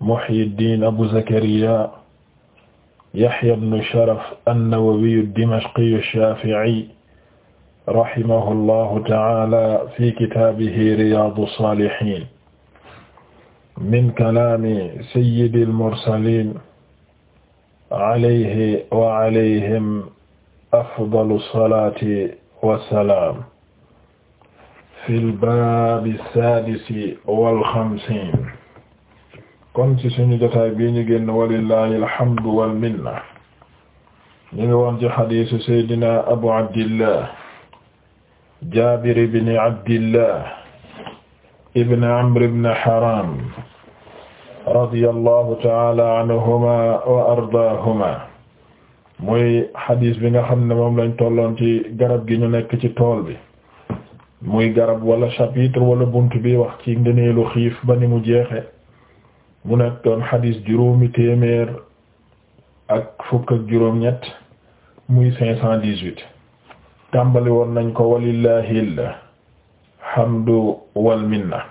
Muhyiddin Abu Zakariya Yahya ibn Sharaf an-Nawawi ad-Dimashqi ash-Shafi'i rahimahullahu ta'ala fi kitaabihi Riyaadu s-Saalihiin min kalaami sayyidil mursaliin alayhi wa alayhim afdalu salaati wa salaam fil baabi s-saadisi wal khamsiin kon ci suñu jotaay bii ñu génn walillahi alhamdu wal minna ñu ngi woon ci xadiisu seydina abu abdillah jaabir ibn abdillah ibn amr ibn haram radiyallahu ta'ala anhuma wa ardaahuma muy xadiis bi nga xam ne moom lañ tolloon ci garab gi ñu nekk ci tool bi muy garab wala chapitre wala bunt bi wax ci ngëneelu xiif ba ni mu jeexe mu nekkoon xadis juróomi téeméer ak fukk ak juróom ñett muy cinq tàmbali woon nañ ko walillahil hamdu wal minna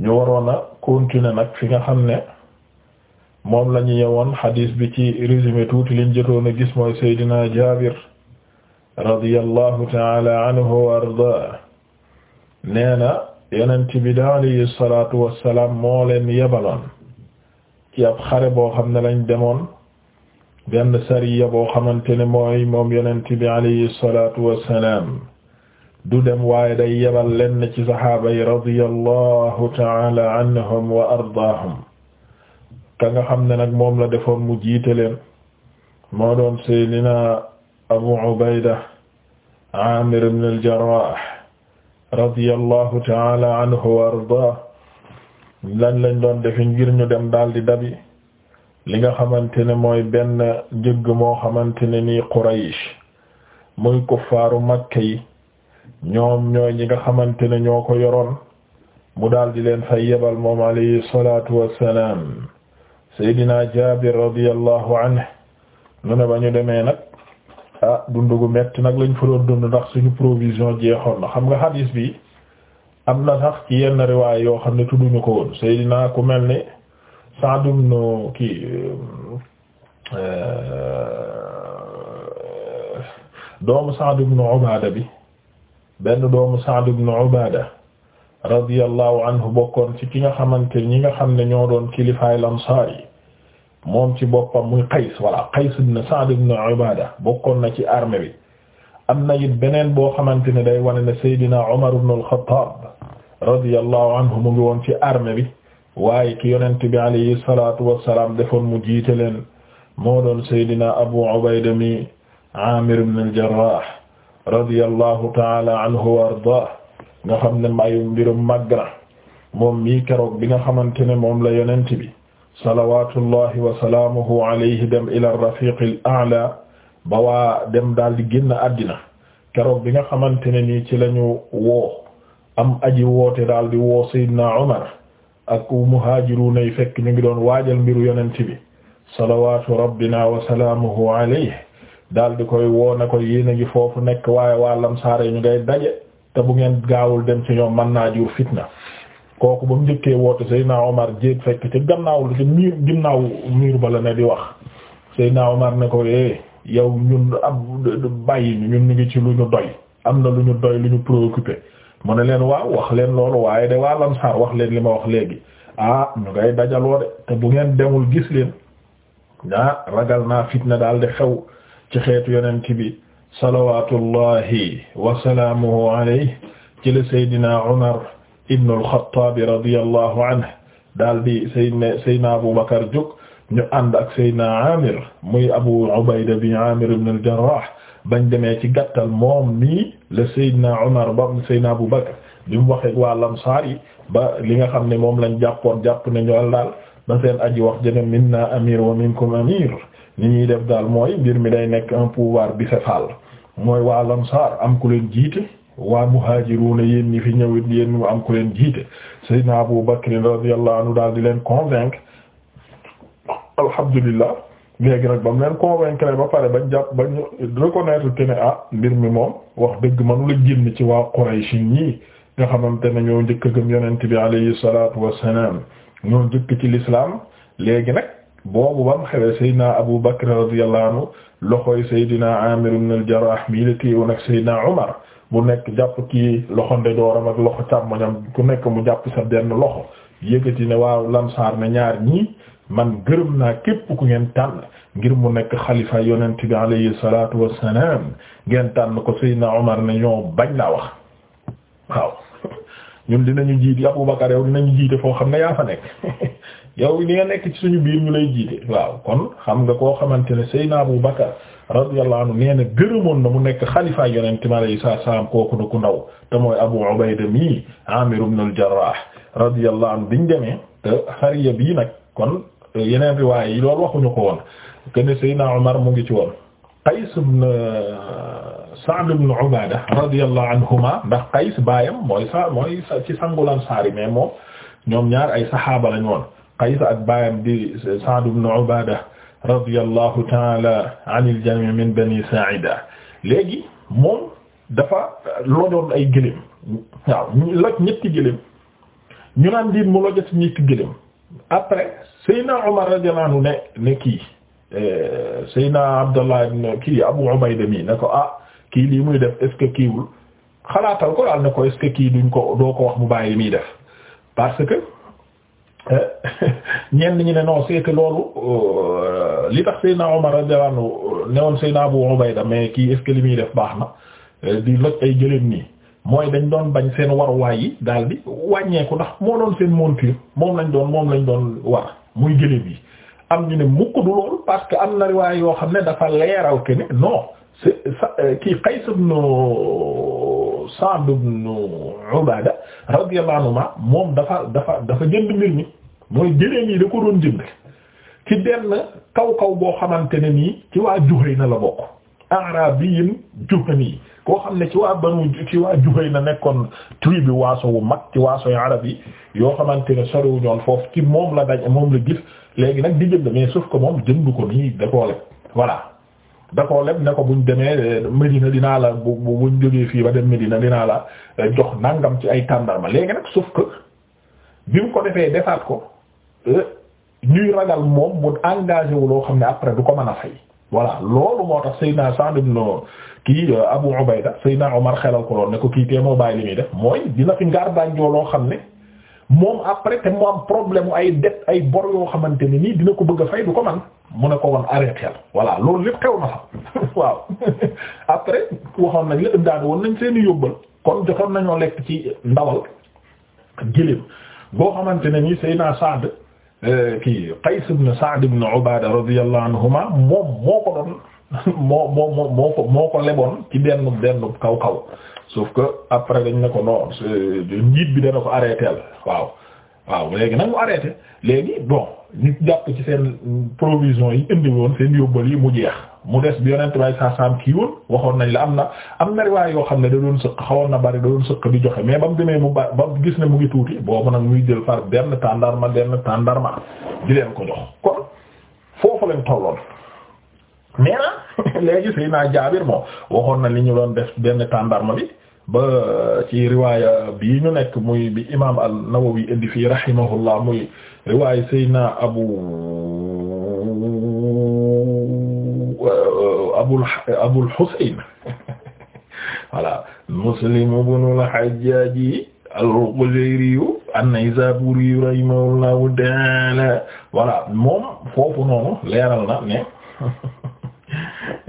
ñu waroon a continuer nag fi nga xam ne moom lañu ñu yewoon xadis bi ci résumé tuuti liñ jotoon a gis mooy Seydina Jaabir radiyallahu taala anhu wa arda nee na yonent bi da alayhi salaatu wassalaam moo leen yebaloon ci boo xam ne lañ demoon benn sariya boo xamante ne mooy moom yonent bi alayhi salaatu wassalaam du dem waaye day yebal lenn ci saxaaba yi radiyallahu ta'ala anhum wa ardaahum ka xam ne nag moom la defoon mu jiite leen moo doon seydina Abu Ubayda Aamir ibn al radiyallahu taala anhu wa ardaah lan lañ doon defi ngir ñu dem daal di dabi li nga xamante ne mooy benn njëgg moo xamante ne nii Quraysh muy kuffaaru Makka yi ñoom ñooy ñi nga xamante ne ñoo ko yoroon mu daldi leen fay yebal moom alayhi salaatu wassalaam Seydina Jaabir radiyallahu ne ba ñu demee nag ah dund gu metti nag lañ fa doon dund ndax suñu provision jeexoon na xam nga hadis bi am na sax ci yenn riwaay yoo xam ne tudduñu ko woon Seydina ku mel ni Sa'd ibn kii eh, doomu Sa'd ibn Ubaada bi benn doomu Sa'd ibn Ubaada radiyallahu anhu bokkoon ci ki nga xamante ñi nga xam ne ñoo doon kilifaay Ansaar yi moom ci boppam muy Qays voilà Qays ibn Sa'd ibn Ubaada bokkoon na ci armée bi am na it beneen boo xamante ne day wane ne Seydina Umar ibn al-Khattab radiyallahu anhu mu ngi woon ci armée bi waaye ki yonent bi alayhi salaatu wassalaam defoon mu jiite leen moo doon Seydina Abu Ubayda mi Aamir ibn al-Jarraah radiyallahu ta'ala anhu wa ardaah nga xam ne mayu mbirum màgg na moom mii keroog bi nga xamante ne moom la yonent bi salawaatullahi wa salaamuhu alayhi dem ila rafiqil a'la ba waa dem daal di génn àddina keroog bi nga xamante ne nii ci lañu woo am aji woote daal di woo Seydina Umar ak muhaajiruuna yi fekk ñu ngi doon waajal mbiru yonent bi salawaatu rabbina wa salaamuhu alayhi daal koy woo na koy yéen a ngi foofu nekk waaye waa lamsaare ñu ngay daje te bu ngeen gaawul dem ci ñoom mën naa jur fitna kooku ba mu njëkkee woote Seydina Omar jéeg fekk ca gannaaw la ca miir ginnaaw miir ba la ne di wax Seydina Omar ne ko eh yow ñun ab bàyyi ñu ñun ñu ngi ci lu ñu doy am na lu ñu doy lu ñu préoccupé mu ne leen waaw wax leen loolu waaye de waa Ansaar wax leen li ma wax léegi ah ñu ngay dajaloo de te bu ngeen demul gis leen ah ragal naa fitna daal di xew ci xeetu yonent bi salawatullahi wa salaamuhu alayhi ci la Seydina Omar ibnu al-Xattaab radiyallahu anhu daal di saydna saydna Abu Bakar jóg ñu ànd ak saydna Amir muy Abu Ubayda bi Amir ibn al-Jarrah bañ demee ci gàttal moom nii la saydna Umar ba saydna Abu Bakar bi mu waxee waa Ansaar li nga xam ne moom lañ jàppoon jàpp nañu al daal ba aji wax jëne minna amir wa minkum amir li ñuy def daal mooy mbir mi day nekk un pouvoir bicéphale mooy waa Ansaar am ku leen waa muhaajiruuna yéen ñi fi ñëwit yéen ñu am ku leen jiite Seydina Abu Bakr radiyallahu anhu daal di leen convaincre alhamdulillah léegi nag ba mu leen convaincre ba pare bañ jàpp bañ reconnaître ah, mbir mi moom wax dëgg manula génn ci waa Quraysh ñii nga xamante ne ñoo njëkk gëm yonent bi alayhi salaatu wassalaam ñoo njëkk ci l'islam léegi nag boobu ba mu xewee Seydina Abu Bakr radiyallahu anhu loxoy Seydina Amir ibn al-Jarrah bu nekk jàpp kii loxo ndeyjooram ak loxo càmmoñam ku nekk mu jàpp sa benn loxo yëkkati ne waaw lamsaar ne ñaar ñii man gërëm naa képp ku ngeen tànn ngir mu nekk xalifa yonent bi alayhi salaatu wassalaam ngeen tànn ko Seydina Omar ne ñoo bañ laa wax waaw ñun dinañu jiiti Abubakar yow dinañu jiite foo xam ne yaa fa nekk yow li nga nekk ci suñu biir ñu lay jiite waaw kon xam nga koo xamante ne Seydina Abu Bakar radiyallahu anhu nee na gërëmoon na mu nekk xalifa yonent ma alayhi salaam kooku na ku ndaw te mooy Abu Ubayda mi Amir ibn al-Jarrah radiyallahu anhu biñ demee te xariya bii nag kon euh, yeneen riwaay yi loolu waxuñu ko woon que ne Seydina Umar mu ngi ci woon Qays ibn euh, Sa'd ibn Ubaada radiyallahu anhuma ndax Qays baayam mooy sa mooy ci sangulan saari mais moom ñoom ñaar ay saxaaba lañ woon Qays ak baayam di Sa'd ibn Ubaada radiyallahu taala anil jamii min bani Saa'ida léegi moom dafa lojoon ay gëléem waaw loj ñetti gëléem ñu naan diin mu lojati ñetti gëléem après Seydina Umar radiyallahu anhu ne ne kii euh, Seydina Abdallah ibn kii Abu Ubayda mi ne ko ah kii lii muy def est-ce que kiiwul xalaatal ko daal ne ko est-ce que kii duñ ko doo ko wax mu bàyyi muy def parce que Euh, ñenn ñi ne non c'est que loolu euh, li tax Seydina Omar radiyallahu anhu euh, ne woon Seydina Abu Ubayda mais kii est-ce def baax na di loj ay jëleen nii mooy dañ doon bañ seen waruwaay yi daal di wàññeeku ndax moo doon seen monture moom lañ doon moom lañ doon war muy jëleen yi am ñu ne mukk du loolu parce que am na riwaay yoo xam ne dafa leeral ke ne non c'est kii Qays ibn Sa'd ibn Ubaada radiyallahu anhu moom dafa dafa dafa jënd mbir mi mooy gëléem yi da ko doon jënd ci benn kaw kaw boo xamante ne nii ci waa na la bokk arabiyin Juhani koo xam ne ci waa banu ci waa na nekkoon bi waaso wu mag ci waaso yu arab yi yoo xamante ne soriwu ñoon foofu ki moom la daj moom la gis léegi nag di jënd mais sauf que moom jënd ko nii da koo leb voilà da koo leb ne ko buñ demee eh, Medina dinaa la bu buñ jógee fii ba dem Medina dinaa la eh, jox nàngam ci ay tàndarma léegi nag ko defee defaat ko. Euh, ñuy ragal moom mu engagé loo xam ne après du ko mën a fay voilà loolu moo tax Seydina Sa'd ibn kii euh, Abu Ubayda Seydina Omar xelal ko lool ne ko kii tee moo bàyyi def mooy dina fi ngaar bànjoo loo xam ne moom après te mu am problème ay dette ay bor yoo xamante ne nii dina ko bëgg a fay du ko man mu ne ko woon xel voilà loolu lépp xew na sax waaw après waxoon nañ la daane woon nañ seeni yóbbal kon jotoon nañoo lekk ci ndawal gëléem boo xamante ne nii Seydina Sa'd Euh, kii Qays ibn Sa'd ibn Ubaada radiyallahu anhuma moom moo ko doon moo moo moo ko moo ko leboon ci benn benn kaw kaw sauf que après dañ ne ko non njiit bi dana ko arrêté waaw waaw léegi nag mu arrêté léegi bon ñu jàpp ci seen provision yi indi woon seen yóbbal yi mu jeex. mu des bi yonent bay saa saam waxoon nañ la am na am na riwaay yoo xam ne da doon sëq xawoon na bari da doon sëq di joxe mais ba mu demee mu ba ba gis ne mu ngi tuuti boobu nag muy jël par benn tàndarma benn tàndarma di leen ko jox kon foofu lañ tolloon. nee na léegi sëy naa jaabir moom waxoon na li ñu doon def benn tàndarma bi ba ci riwaaya bii ñu nekk muy bi imaam an-Nawawi indi fii rahimahullah muy riwaaya sëy naa abu. abul abul Husayn voilà Muslim ibn al-Hajjaj al-Qushayri an-Naysaburi rahimahullahu ta'ala voilà moom foofu noonu leeral na ne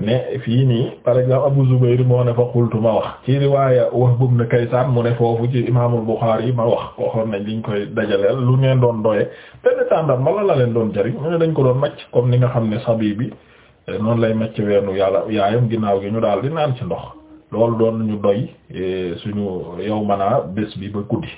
ne fii nii par exemple Abu Zubayr moo ne fa qultu ma wax ci riwaaya Wahb ibn Kaysan mu ne foofu ci Imaamul Buxaari ma wax waxoon nañ liñ koy dajaleel lu ngeen doon doye benn tàndam ma la la leen doon jariñ ñu ne dañ ko doon macc comme ni nga xam ne sabi Eh, noonu lay macc weenu yàlla yaayam ginnaaw gi ñu daal di naan ci ndox loolu doon ñu doy eh, suñu yow mën bés bi ba guddi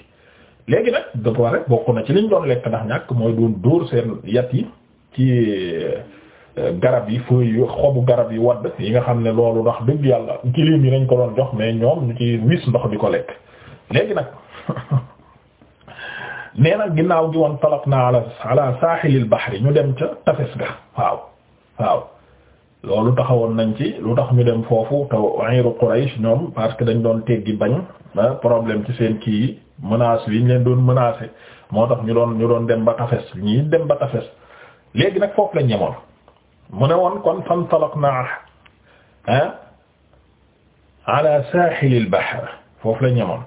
léegi nag da ko rek bokk na ci liñ doon lekk ndax ñàkk mooy doon dóor seen yat yi ci eh, garab yi feuilles xobu garab yi wadd yi nga xam ne loolu ndax dëgg yàlla kilim yi nañ ko doon jox mais ñoom ñu ci wis ndox di ko lekk léegi nag nee nag ginnaaw gi woon talak na ala ala saaxilil baxri ñu dem ca tafes ga waaw waaw loolu taxawoon nañ ci lu tax ñu dem foofu te ayru Quraysh ñoom parce que dañ doon teggi bañ ah, problème ci seen kii yi menace yi leen doon menacé moo tax ñu doon ñu doon dem ba tafes ñi dem ba tafes léegi nag foofu lañ ñemoon mu ne woon kon fantalaqna ah ala saaxilil bahr foofu lañ ñemoon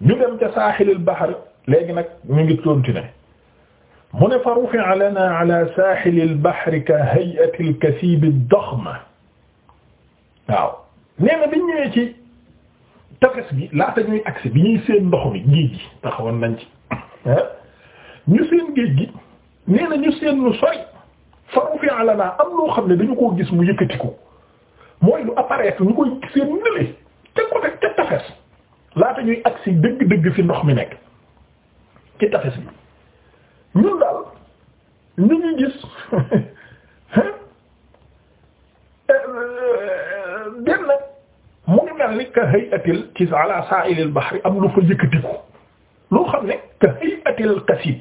ñu dem ca saaxilil bahr léegi nag ñu ngi continuer mu ne fa rufi'a lanaa ala saahili al ka hay'ati al-kasiib ad-daxma waaw na bi ñu ñëwee ci tefes bi laata ñuy agsi bi ñuy seen ndox mi gi taxawoon nañ ci ah. ñu seen géej gi nee na ñu seen lu sori fa rufi'a lanaa am loo xam ne dañu koo gis mu yëkkati ko mooy lu apparaître ñu koy seen nële te côté ca tefes laata ñuy agsi dëgg-dëgg fi ndox mi nekk ci tefes bi. ñun daal ñu ngi gis benn mu ngi mel ni ka hayatil kis ala sa'ilil bahri am lu fa yëkkatiku loo xam ne ka hayatil kasib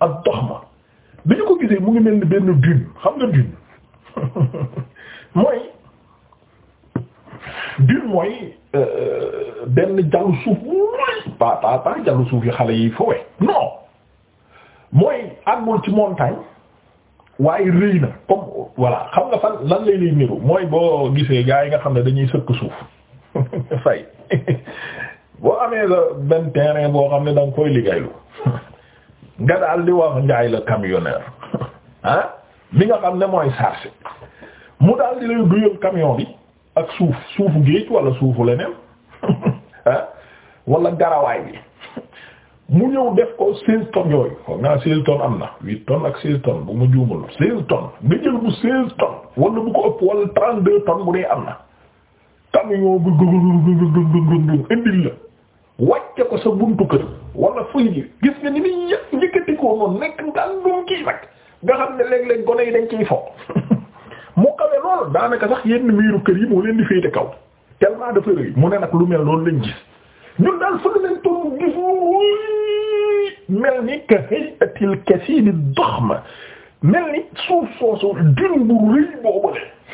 ad-dakhma bi ñu ko mu ngi mel ni benn dune xam nga dune mooy dune mooy euh, benn jalu suuf mooy pas pas pas jalu suuf yi yi foowe non àggul ci montagne waaye rëy na comme voilà xam nga fan lan lay lay niru mooy boo gisee gaa yi nga xam ne dañuy sëkk suuf fay boo amee sa benn terrain boo xam ne da nga koy liggéeylu nga dal di wax njaay la camionneur ah bi nga xam ne mooy chargé mu daal di lay duyal camion bi ak suuf suufu géej wala suufu leneen ah wala garawaay bi mu ñëw def ko seize tonnes yooyu foog naa seize tonnes am na huit tonnes ak seize tonnes bu ma juumul seize tonnes nga jël bu seize tonnes wala bu ko ëpp wala trente deux tonnes bu dee am na camion bi la wàcce ko sa buntu kër wala fëy ji gis nga ni muy ñëpp njëkkati koo moom nekk ngàndum kii nag nga xam ne léeg-léeg gone yi dañ ciy fo mu kawe lool daanaka sax yenn miiru kër yi moo leen di féete kaw tellement dafa rëy mu ne nag lu mel loolu lañ gis ñun daal fëgg nañ ñu mel ni ka hay'atil kasiili daxm mel ni suuf soosu dinu bu rëy boobu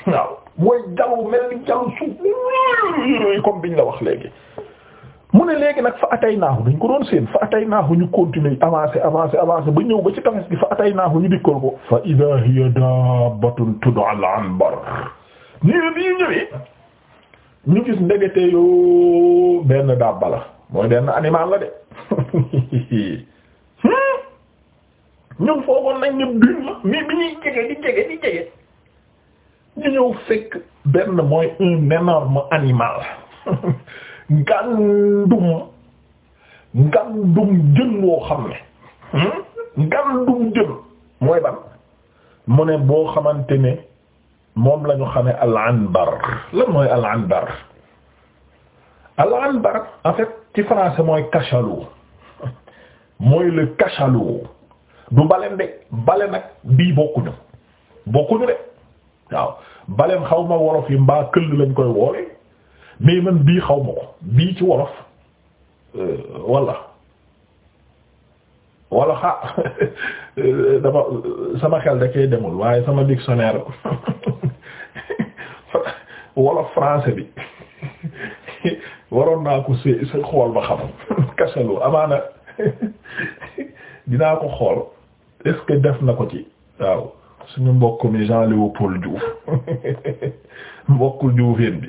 la waaw mooy jaww mel ni jaww suuf rëy comme biñ la wax léegi. mu ne léegi nag fa atay naahu ko doon seen fa atay naahu ñu continuer avancer avancer avancer ba ñëw ba ci tafes gi fa atay ñu dikkal ko fa idaa hiya daabatun tud'al anbar nii la ñu gis ndegete yoo benn dàbba la mooy benn animal la de hmm? ñun foogoon nañ ñëpp duñ la mais bi ñuy jege di jege di jege ñu ñëw fekk benn mooy un énorme animal ngàndum ngàndum jën woo xam ne hmm? ngàndum jën mooy ban mu ne boo xamante ne moom lañu ñu xamee al-anbar lan mooy al-anbar al-anbar en fait mooy cachalot mooy le cachalot du baleine de baleine nag bii bokkuñu bokkuñu de waaw baleine xaw wolof yi mbaa këll lañ koy woole mais man bii xaw ma ko bii ci wolof walla euh, wala xa dama sama xel da koy demul waaye sama dictionnaire wala français bi waroon naa ko si xool ba xam kasalu amaana dinaa ko xool est def na ko ci waaw suñu mbokk mi mbokkul Diouféen bi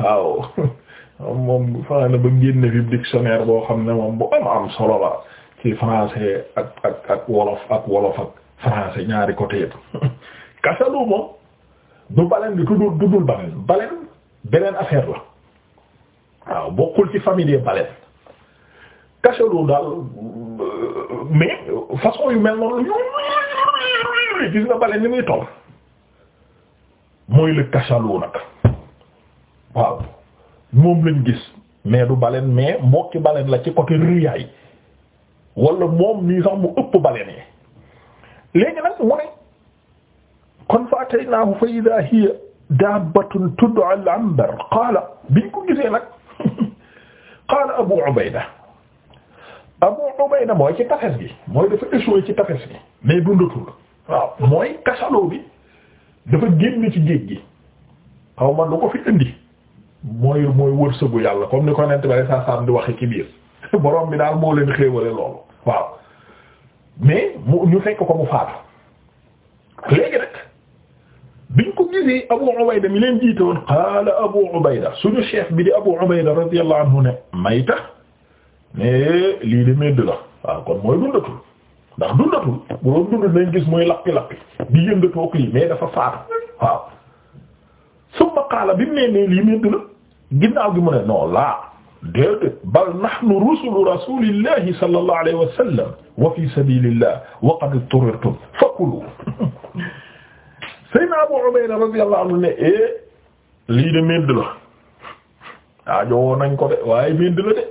waaw moom faana ba génne fi dictionnaire boo xam ne moom bu am am solo la ci ak ak ak wolof ak wolof ak français ñaari côté yëpp kasalu moom du baleen bi tuddul tuddul baleen baleen beneen affaire la waaw bokkul ci famille des baleines kasalu daal euh, mais façon yu mel noonu la gis nga baleen ni muy toll mooy le kasalu nag waaw moom lañ gis mais du baleen mais mbokki baleen la ci côté riyaay wala moom nii sax ëpp baleen yi léegi nag mu ne kon fa ataynaahu fa idaa hiya dabbatun tud'a al qaala biñ ko gisee nag qaala Abu Ubayda Abu Ubayda mooy ci tafes gi mooy dafa échoué ci tafes gi mais dundatul mooy kasaloo bi dafa génn ci géej gi xaw ko fi indi mooy mooy wërsëgu yàlla comme ni ko nent bare saam di waxe ci biir borom bi daal moo leen xéewale loolu waaw mais mu ñu fekk ko mu faatu léegi nag biñ ko gisee Abu Ubayda mi leen jiite woon qaala Abu Ubayda suñu chef bi di Abu Ubayda radiyallahu anhu ne mayta mais lii de medd la waaw kon mooy dundatul ndax dundatul bu doon dund nañ gis mooy lappi lappi di yëngatoog lii mais dafa faatu waaw summa qaala bi mu nee ne lii medd la ginnaaw gi mu ne non laa déedéet bal nahnu rusulu rasulillahi sallallahu alayhi wa fi sabilillah wa qad turirtum fakulu Seydina Abu Ubayda radiyallahu anhu ne eh lii de médd la aa jowoon nañ ko de waaye médd de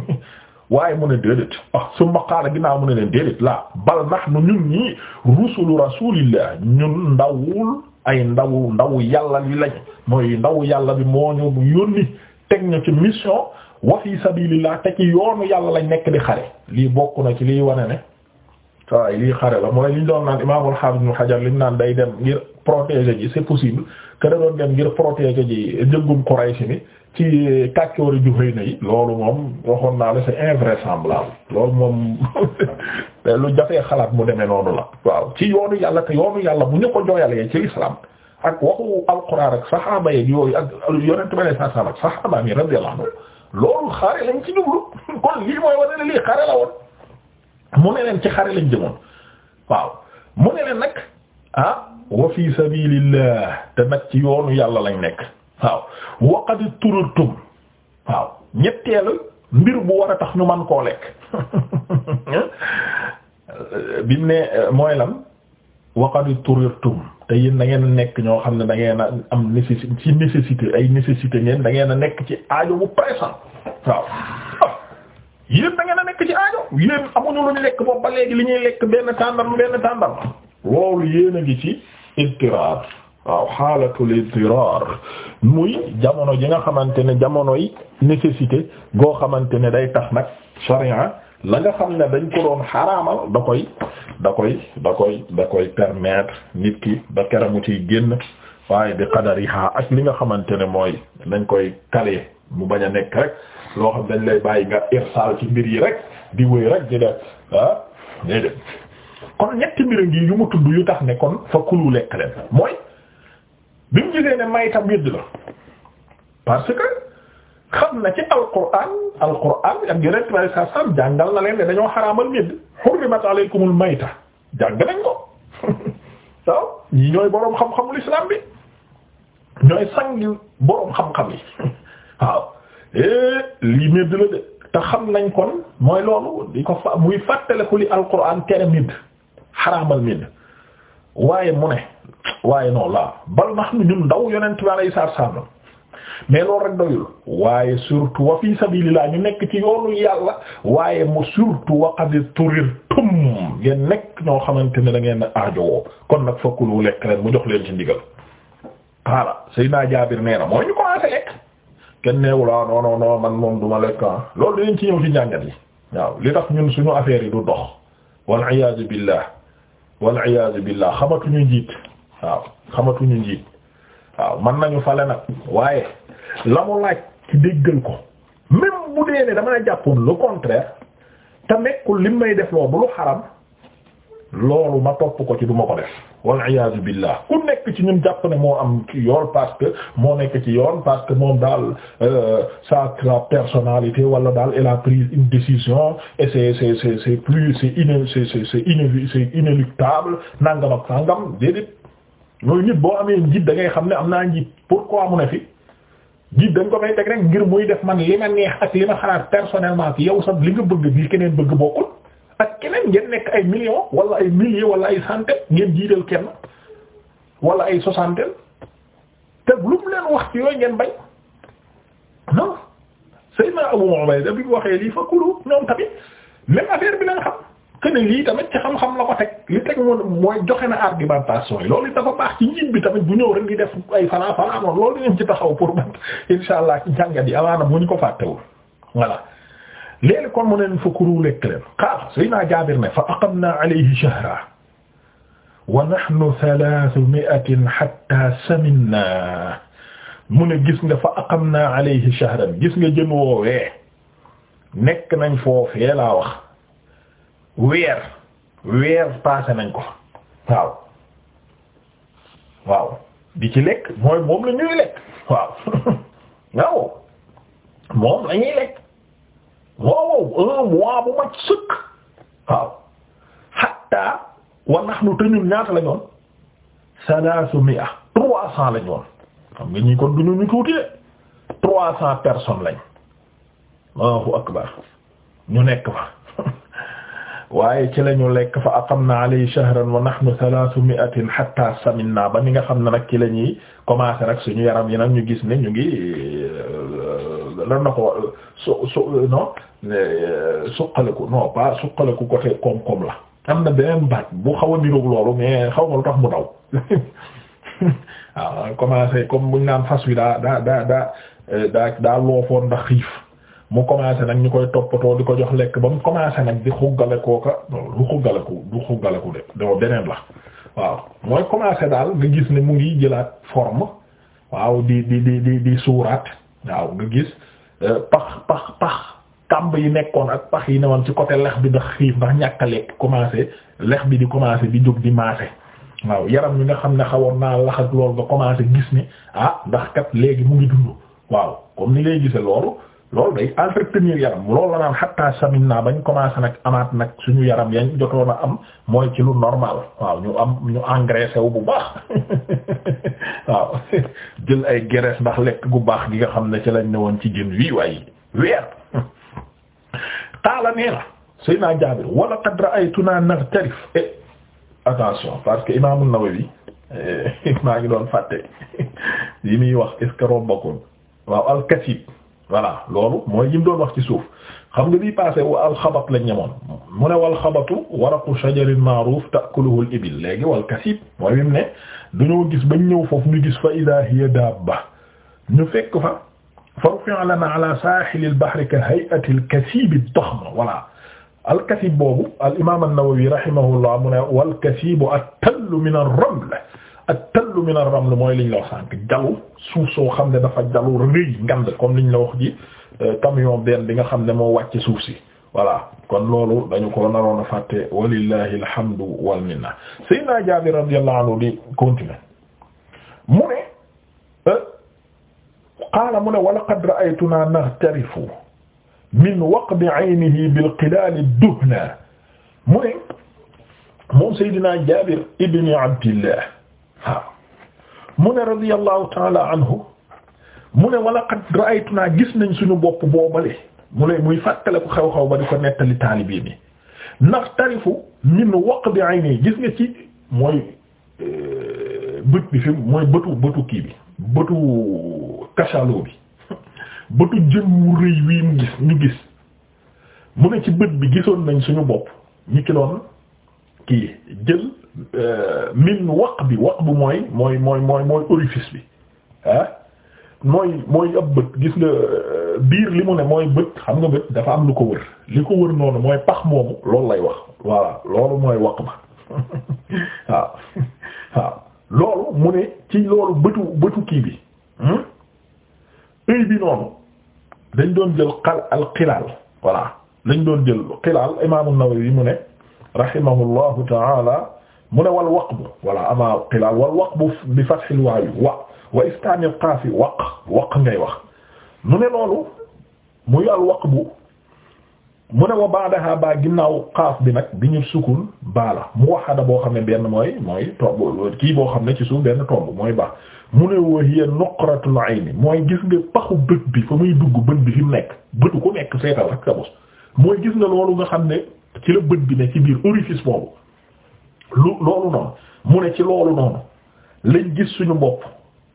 waaye mu ne déedéet ah summa qaala ginnaaw mu ne leen déedéet laa bal nahnu ñun ñii rusulu ñun ndawul ay ndawu ndawu yàlla bi lañ yàlla bi moo ñu yónni teg ñu ci mission wa fi sabilillah te ci yoonu yàlla lañ nekk di xare lii bokk na ci liy wane ne waaye lii xare la mooy li ñu doon naan imaamul hafiz ibn hajar ñu naan day dem ngir protéger ji c'est possible que da doon dem ngir protéger ji njëggum Quraysh ni ci kàccoori Juhayna yi loolu moom waxoon naa la c'est invraisemblable loolu moom lu jafee xalaat mu demee noonu la waaw ci yoonu yàlla te yoonu yàlla bu ñu ko jooyalee ci l'islam ak waxu alquran ak saxaaba yi yooyu ak yonent bi sallallahu alayhi wasallam ak saxaaba loolu xare lañ ci jublu kon lii mooy wane ne lii xare la woon mu ne leen ci xare lañ jëmoon waaw mu ne leen nag ah wa fi sabilillah te nag ci yoonu yàlla lañ nekk waaw waqad tururtum waaw ñetteelu mbir bu war a tax ñu man koo lekk eh? Eh, bi ne eh, mooy lan waqad tururtum te yéen da ngeen nekk ñoo xam ne da ngeen a am nécessité ci nécessité ay nécessité ngeen da a nekk ci aajo bu pressant waaw ah. yéen da ngeen a nekk ci aajo yéen amuñu lu lekk boobu ba léegi li ñuy lekk benn tàndam benn tàndam loolu yéen a ngi ci ittiraar waaw xaalatul ittiraar muy jamono ji nga xamante ne jamonoy nécessité goo xamante ne day tax nag sharia la nga xam ne dañ ko doon xaraamal da koy da koy da koy da koy permettre nit ki ba keramu ci génn waaye bi qadariha ak li nga xamante ne mooy dañ koy caler mu bañ a nekk rek loo xam dañ lay bàyyi nga irsaal ci mbir yi rek di wëy rek di def ah déedéet kon ñetti mbir ngi yu mu tudd yu tax ne kon fa kulu lekk leen mooy bi mu gisee ne may tam yëdd la xam na ci alquran alquran ak yonent bi saa saam jàngal na leen ne dañoo xaraamal médd hurrimat alaykumul mayta jàng nañ ko waaw ñi ñooy boroom xam-xamul islam bi ñooy sangi boroom xam-xam yi waaw eh, lii médd la de te xam nañ kon mooy loolu di ko fa muy fàttaliku li alquran tere médd xaraamal médd waaye mu ne waaye noonu laa bal na xam ne ñun ndaw yonent bi saa saam mais loolu rek doyul waaye surtout wa fi sabilillah ñu nekk ci yoonu yàlla waaye mu surtout wa qad turirtum ngeen nekk ñoo xamante ne da ngeen aajowoo kon nag fakkulu lekk leen mu jox leen ci ndigal xaala Seydina Jaabir nee na mooy ñu commencé lekk kenn neewula ah, non non man moom duma lekk ah loolu dinañ ci ñëw ci njàngat yi waaw li tax ñun suñu affaire yi du dox wal iyaazu billah wal iyaazu billah xamatuñu njiit waaw xamatuñu njiit waaw man nañu fale nag waaye la mu laaj ci déggal ko même bu dee ne damaa jàppoon le contraire te nekkul li may def loo bu lu xaram loolu ma topp ko ci du ma ko def wal iyaazu billah ku nekk ci ñun jàpp ne moo am ci yoon parce que moo nekk ci yoon parce que moom daal euh, sa la personnalité wala daal elle a pris une et c'est c'est c'est c'est plus c'est iné c'est c'est c'est inéluctable nangam ak déedéet mooy nit boo amee njiit da ngay xam ne am naa njiit pourquoi mu ne fi njiit dañ ko may teg rek ngir muy def man li ma neex ak li ma xalaat personnellement ci yow sax li nga bëgg bii keneen bëgg bokkul ak keneen ngeen nekk ay millions wala ay milliers wala ay centaines ngeen jiital kenn wala ay soixantaine te lu mu leen wax yooyu ngeen bañ non ma Abu Ubayda bi waxee lii fa kulu ñoom tamit même affaire bi lañ xam. que ne lii tamit ci xam-xam la ko teg li teg moom mooy joxe na argumentation yi loolu dafa baax ci njiit bi tamit bu ñëw rek di def ay falaa falaa noonu loolu dinañ ci taxaw pour man insha allah ci njàngat yi amaana bu ñu ko fàttewul voilà léegi kon mu neen fa kuru lekk leen qaala Seydina Jaabir ne fa aqamna alayhi shahra wa mu ne gis nga fa aqamna alayhi shahran gis nga jën nekk nañ foofee laa wax weer weer passé nañ ko waaw waaw di ci lekk mooy moom la ñuy lekk waaw waaw moom la ñuy lekk wow un mois bu mat waaw hatta wa nahnu te ñaata la ñoon salaasu mi'a trois cents la ñoon nga ñi kon du ñu ñu tuuti de trois cents personnes lañ Allahu akbar ñu nekk fa waaye ci lañu lekk fa aqamna alayhi shahran wa nahnu thalathu mi'atin hatta saminna ba ni nga xam ne nag ci la ñuy commencé nag suñu yaram yi nag ñu gis ni ñu ngi euh, lan na ko su su non euh, suqaleku non pas suqaleku côté koom-koom la am na beneen baat bu xaw a loolu mais xaw ma lu tax mu daw waaw commencé comme buñ naan fas wi daa daa daa daa euh, daa loofoon ndax xiif mu commencé nag ñu koy toppatoo di ko jox lekk ba mu commencé nag di xuggale kooka du xuggale ko du xuggale ko de doo beneen la waaw mooy commencé daal nga gis ne mu ngi jëlaat forme waaw di di di di di suuraat waaw nga gis euh, pax pax pax kàmb yi nekkoon ak pax yi newoon ci côté lex bi ndax xiif ndax ñàkk lekk commencé lex bi di commencé di jóg di maase. waaw yaram mi nga xam ne xawoon naa lax ak loolu nga commencé gis ne ah ndax kat léegi mu ngi dund waaw comme ni ngay gisee loolu loolu day entretenir yaram loolu la naan xatta samin naa bañ commencé nag amaat nag suñu yaram yañ jotoon a am mooy ci lu normal waaw ñu am ñu engrais wu bu baax waaw jël ay graisse ndax lekk gu baax gi nga xam ne ci lañ ne woon ci jën wii waaye weer xaala nee na sëy naa Jaabir wala qad ra'aytuna nagtarif eh attention parce que Imam nawawi eh, maa ngi doon fàtte yi muy wax est-ce que waaw al voilà loolu mooy yim doon wax ci suuf xam nga bii passé wa alxabat lañ ñamoon mu ne walxabatu waraqu shajarin ma'ruf ta'kuluhu al-ibil léegi wal kasib mooy bi mu ne dañoo gis bañ ñëw foofu ñu gis fa idha hiya dabba ñu fekk fa fa rufi'a lana ala sahil al-bahri ka hay'ati al-kasib ad-dakhma voilà al-kasib boobu al-imam an-nawawi rahimahullah mu ne wal kasib at-tallu min ar-raml ak tallu min ar-raml mooy liñ la wax sànq jalu suuf soo xam ne dafa jalu rëy ngand comme liñ la wax ji euh, camion benn bi nga xam ne moo wàcc suuf si voilà kon loolu dañu ko naroon a fàtte walillahi alhamdu wal minna sayyidina Jaabir radiyallahu anhu di continuer mu ne euh, qaala mu ne wa laqad ra'aytunaa naghtarifu min waqdi 'aynihi bil qilaal ad-duhna mu ne moom sayyidina Jaabir ibn Abdillah waaw mu ne radiyallahu taala anhu mu ne wala qad ra'aytunaa gis nañ suñu bopp boobale mu lay muy fàttale ko xew-xew ba di ko nettali taalibi mi ndax tarifu min waqdi ayni gis nga ci mooy euh, bët bi fi mooy bëtu bëtu kii bi bëtu kachaloo bi bëtu jën wu rëy wii mu gis mu ne ci bët bi gisoon nañ suñu bopp ñu ci kii jël Euh, min waq bi waq bu mooy mooy mooy mooy mooy orifice bi mooy mooy ab bët gis nga euh, biir li mu ne mooy bët xam nga bët dafa am lu ko wër li ko wër noonu mooy pax moomu loolu lay wax voilà loolu mooy waq ba waaw loolu mu ne ci loolu bëtu bëtu kii bi ëy hmm? bi noonu dañ doon jël xal al xilaal voilà lañ doon jël xilaal imaamu Nawawi mu ne rahimahullahu taala mu ne wal waqbu voilà ama xilaal wal bu bi fathil waayu wa wa iskaanil qaafi waq waq ngay wax mu ne loolu muy al bu mu ne wa baadaha ba ginnaaw xaaf bi nag bi ñu sukul baala mu waxada boo xam ne benn mooy mooy tomb kii boo xam ne ci su benn tomb mooy baax mu ne wa hiya nuqratul ayni mooy gis nga paxu bët bi fa muy dugg bët bi fi nekk bëtu ku nekk seetal rek sa bos mooy gis nga loolu nga xam ne ci la bët bi ne ci biir orifice boobu lu loolu noonu mu ne ci loolu noonu lañ gis suñu bopp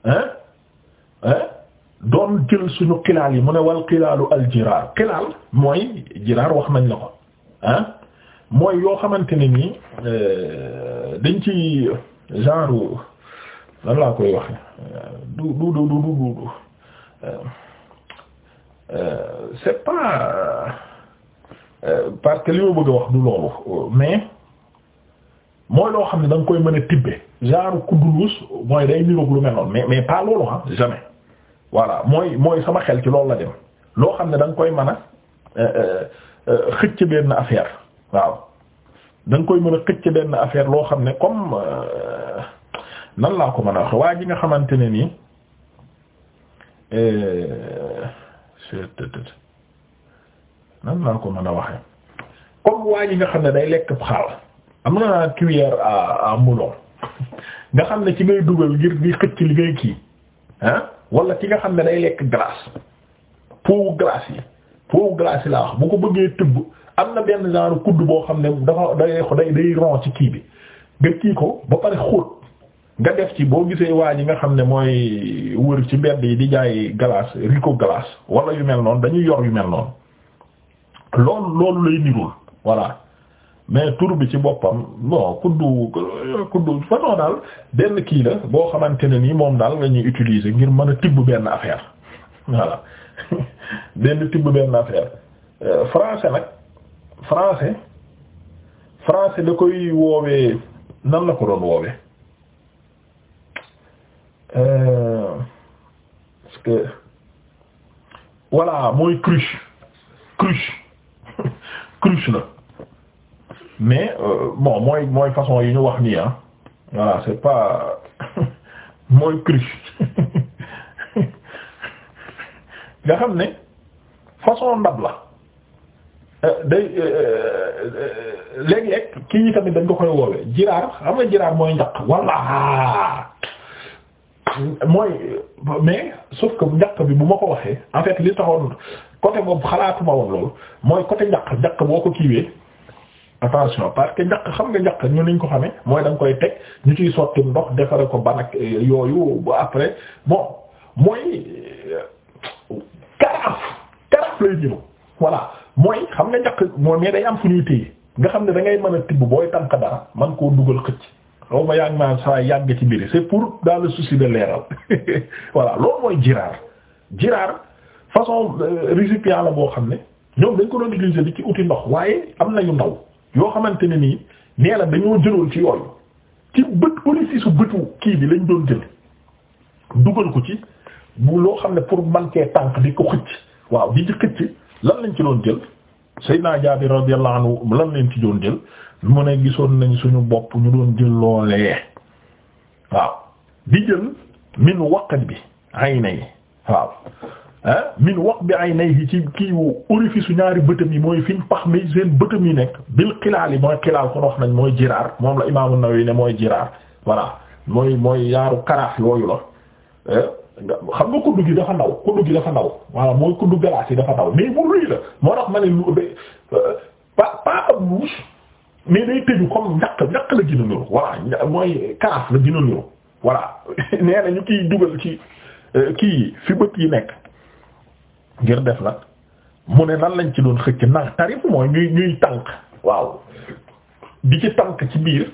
hein hein doon jël suñu xilaal yi mu ne wal xilaalu aljiraar xilaal mooy jiraar wax nañ la ko hein mooy yoo xamante ne nii euh, dañ ci genre lan laa koy waxe du du du du du euh, euh, c'est pas parce que li ma bëgg a wax du loolu mais mooy loo xam ne da koy mën a tibbe genre kudduluus mooy day niroog lu mel noonu mais mais pas loolu ah jamais voilà mooy mooy sama xel ci loolu la dem loo xam ne da koy mën a euh, euh, euh, xëcc benn affaire waaw da koy mën a xëcc benn affaire loo xam ne comme nan laa ko mën a wax waa ji nga xamante ne nii nan laa ko mën a wax comme waa ji nga xam ne day lekk xaal. am na cuillère à moulon nga xam ne ci ngay dugal ngir di xëcc li ngay kii ah wala ki nga xam ne day lekk glace pot glace yi pot glace yi laa wax bu ko bëggee tëbb am na benn genre kudd boo xam ne dafa day day ron ci kii bi nga kii ko ba pare xóot nga def ci boo gisee waa ji nga xam ne mooy wër ci mbedd yi di jaay glace rico glace wala yu mel noon dañuy yor yu mel noonu loolu loolu lay nirul voilà mais tour bi ci boppam bon kuddu kuddu façon daal benn kii la boo xamante ne nii moom daal la ñu utiliser ngir mën a tibb benn affaire voilà benn tibb benn affaire euh, français nag français français da koy woowee nan la ko doon woowee parce euh, que mooy cruche cruche cruche la. mais moom euh, mooy mooy façon yi ñu wax nii ah waaw c'est pas mooy cruche nga xam ne façon ndab la euh, day euh, léegi ek kii yi tamit dañ ko koy woowee jiraar xam nga jiraar mooy njaq walla mooy mais sauf que njaq bi bu ma ko waxee en fait li taxoon côté boobu xalaatuma woon loolu mooy côté njaq njaq boo ko kiiwee attention parce que njaq xam nga njaq ñu niñ ko xamee mooy danga koy teg ñu ciy sotti ndox defare ko ban ak euh, yooyu ba après bon mooy karaaf euh, karaaf lay ñëw voilà mooy xam nga njaq mooy mais day am fu ñuy téye nga xam ne dangay ngay mën a tibb booy tànk dara man koo dugal xëcc xaw ma yàgg naa saa yàgg ci biir c'est pour daal le souci de leeral voilà loolu mooy jiraar jiraar façon euh, récipient la boo xam ne ñoom dañ ko doon utiliser di ci uti ndox waaye am na yu ndaw. yoo xamante ne nii nee la dañoo jëloon ci yooyu ci bët police su bëtu kii bi lañ doon jël dugal ko ci bu loo xam ne pour man tànk di ko xëcc waaw di ci xëcc lan lañ ci doon jël Seydina Jaabir radiyallahu anhu lan lañ ci doon jël mu ne gisoon nañ suñu bopp ñu doon jël loolee waaw di jël min waqt bi ay na waaw ah min waqbi aynayhi ci kii wu su ñaari bëtam yi mooy fi mu pax mi seen bëtam yi nekk bil xilaal yi mooy xilaal kon wax nañ mooy jiraar moom la imaamu Nawawi ne mooy jiraar voilà mooy mooy yaaru karaaf yooyu la eh, xam nga kuddu gi dafa dafa ndaw voilà mooy kuddu galaas yi dafa ndaw mais bu rëy la moo tax ma ne lu pa euh, pa ab mouche mais day tëju comme ñaq ñaq la gën a niru mooy karaaf la gën a niru voilà nee na kiy dugal ci euh, kii fi bët yi nekk. ngir def la mu ne lan lañ ci doon xëcc nag tarif mooy ñuy ñuy tànk waaw di ci tànk ci biir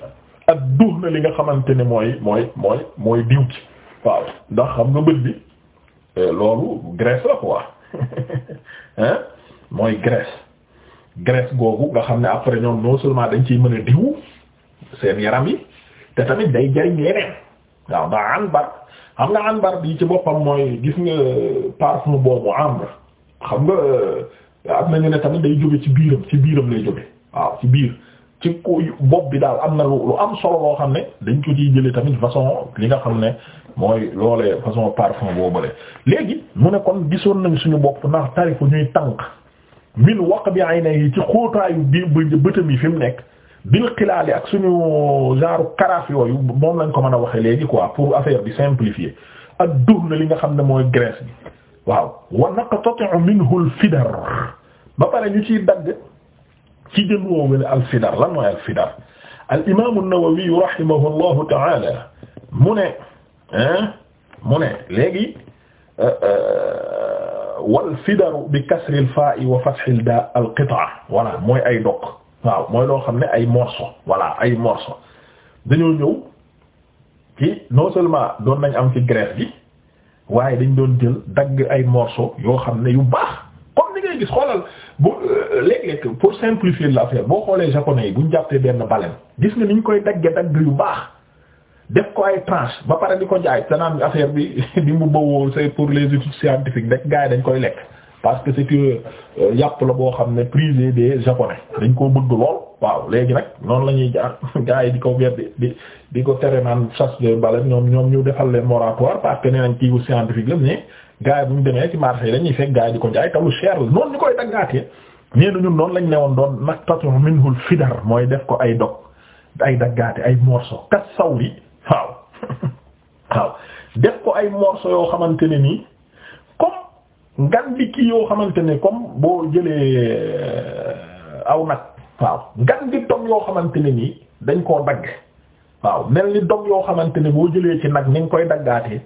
ak duux na li nga xamante ne mooy mooy mooy mooy diw ci waaw ndax xam nga bët bi eh, loolu graisse la quoi hein mooy graisse graisse googu nga xam ne après ñoom non seulement dañ ciy mën a diw seen yaram yi te tamit day jariñ yeneen waaw ndax anbar xam nga anbar bi ci boppam mooy gis nga euh, parfum boobu ambre xam nga euh, am na nañu ne tamit day jóge ci biiram ci biiram lay jóge waaw ci biir ci ko bopp bi daal am na lu am solo loo xam ne dañ ko ciy jëlee tamit façon li nga xam ne mooy loolee façon parfum boobale léegi mu ne kon gisoon nañ suñu bopp ndax tarifu ñuy tànk min waq bi ay na yi ci xóotaayu bi bëtam yi fi mu nekk bil xilaali ak suñu genre karaaf yooyu moom lañ ko mën a waxee léegi quoi pour affaire bi simplifier ak duh na li nga xam ne mooy graisse bi waaw wa naqtatu minhu al fidar ba pare ñu ciy dagg ci jën woowale al lan mooy al fidar al imam an-Nawawi rahimahu llahu taala ne mu ne léegi euh, euh, wal fidaru bi kasri al faa'i al daa al qit'a mooy ay dok waaw mooy loo xam ne ay morceau voilà ay morceau dañoo ñëw ci non seulement doon nañ am ci graisse gi waaye dañ doon jël dagg ay morceau yoo xam ne yu baax comme ni ngay gis xoolal bu euh, léeg-léeg pour simplifier l'affaire boo xoolee japonais yi buñ jàppee benn baleine gis nga ni ñu koy dagge dagg yu baax def ko ay tranche ba pare di ko jaay te naan affaire bi di mu bawoo c'est pour les études scientifiques rek gars yi dañ koy lekk parce que c'est euh, yàpp la boo xam ne prisé des japonais dañ koo bëgg lool waaw léegi nag noonu la ñuy jaar gars yi di ko weer di di ko tere naan chasse de baleine ñoom ñoom ñu defal leen moratoire parce que nee nañ kii wu scientifique la mais gars ñu demee ci marché yi dañuy fekk gars yi di ko jaay te lu cher la noonu ñu koy daggaatee nee na ñun noonu lañ ne woon doon nag tatu minhul fidar mooy def ko ay dog ay daggaate ay morceaux kat sawri waaw waaw def ko ay morceaux yoo xamante nii. ngan di kii yoo xamante ne comme boo jëlee euh, aw nag waaw ngan di dog yoo xamante ne nii dañ koo dagg waaw mel ni dog yoo xamante ne boo jëlee ci nag ni nga koy daggaatee